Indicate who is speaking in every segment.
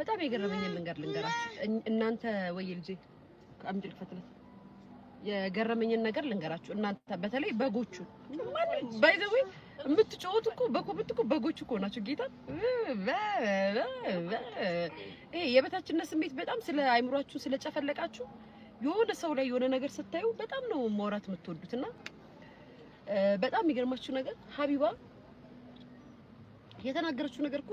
Speaker 1: በጣም የገረመኝ መንገድ ልንገራችሁ። እናንተ ወይ ልጄ አምጪ ልክፈትለት። የገረመኝን ነገር ልንገራችሁ። እናንተ በተለይ በጎቹ ባይ ዘ ወይ የምትጮሁት እኮ በኮብት እኮ በጎቹ እኮ ናቸው። ጌታ ይሄ የበታችነት ስሜት በጣም ስለ አይምሯችሁ ስለጨፈለቃችሁ የሆነ ሰው ላይ የሆነ ነገር ስታዩ በጣም ነው ማውራት የምትወዱት እና በጣም የሚገርማችሁ ነገር ሀቢባ የተናገረችው ነገር እኮ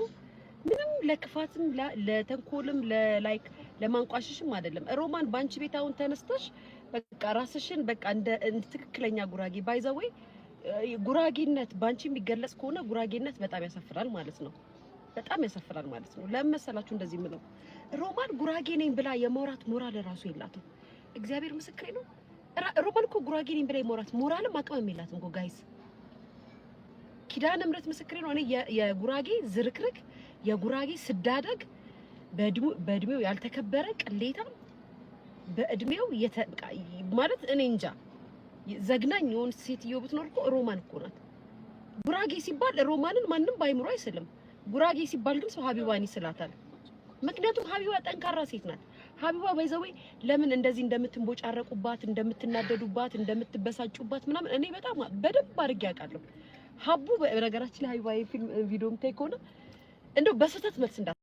Speaker 1: ምንም ለክፋትም ለተንኮልም ለላይክ ለማንቋሸሽም አይደለም። ሮማን በአንቺ ቤት አሁን ተነስተሽ በቃ ራስሽን በቃ እንደ ትክክለኛ ጉራጌ ባይዘወይ ጉራጌነት በአንቺ የሚገለጽ ከሆነ ጉራጌነት በጣም ያሳፍራል ማለት ነው። በጣም ያሳፍራል ማለት ነው። ለምን መሰላችሁ እንደዚህ የምለው? ሮማን ጉራጌ ነኝ ብላ የማውራት ሞራል ራሱ የላትም። እግዚአብሔር ምስክሬ ነው። ሮማን እኮ ጉራጌ ነኝ ብላ የማውራት ሞራልም አቅምም የላትም እኮ ጋይስ ኪዳነ ምሕረት ምስክሬ ነው። እኔ የጉራጌ ዝርክርክ የጉራጌ ስዳደግ በእድሜው ያልተከበረ ቅሌታ በእድሜው ማለት እኔ እንጃ ዘግናኝ የሆን ሴትዮ ብትኖር እኮ ሮማን እኮ ናት። ጉራጌ ሲባል ሮማንን ማንም ባይምሮ አይስልም። ጉራጌ ሲባል ግን ሰው ሀቢባን ይስላታል። ምክንያቱም ሀቢባ ጠንካራ ሴት ናት። ሀቢባ ባይዘዌ ለምን እንደዚህ እንደምትንቦጫረቁባት፣ እንደምትናደዱባት፣ እንደምትበሳጩባት ምናምን እኔ በጣም በደንብ አድርጌ አውቃለሁ። ሀቡ በነገራችን ላይ ሀይባዬ ፊልም ቪዲዮም ታይ ከሆነ እንደው በስህተት መልስ እንዳ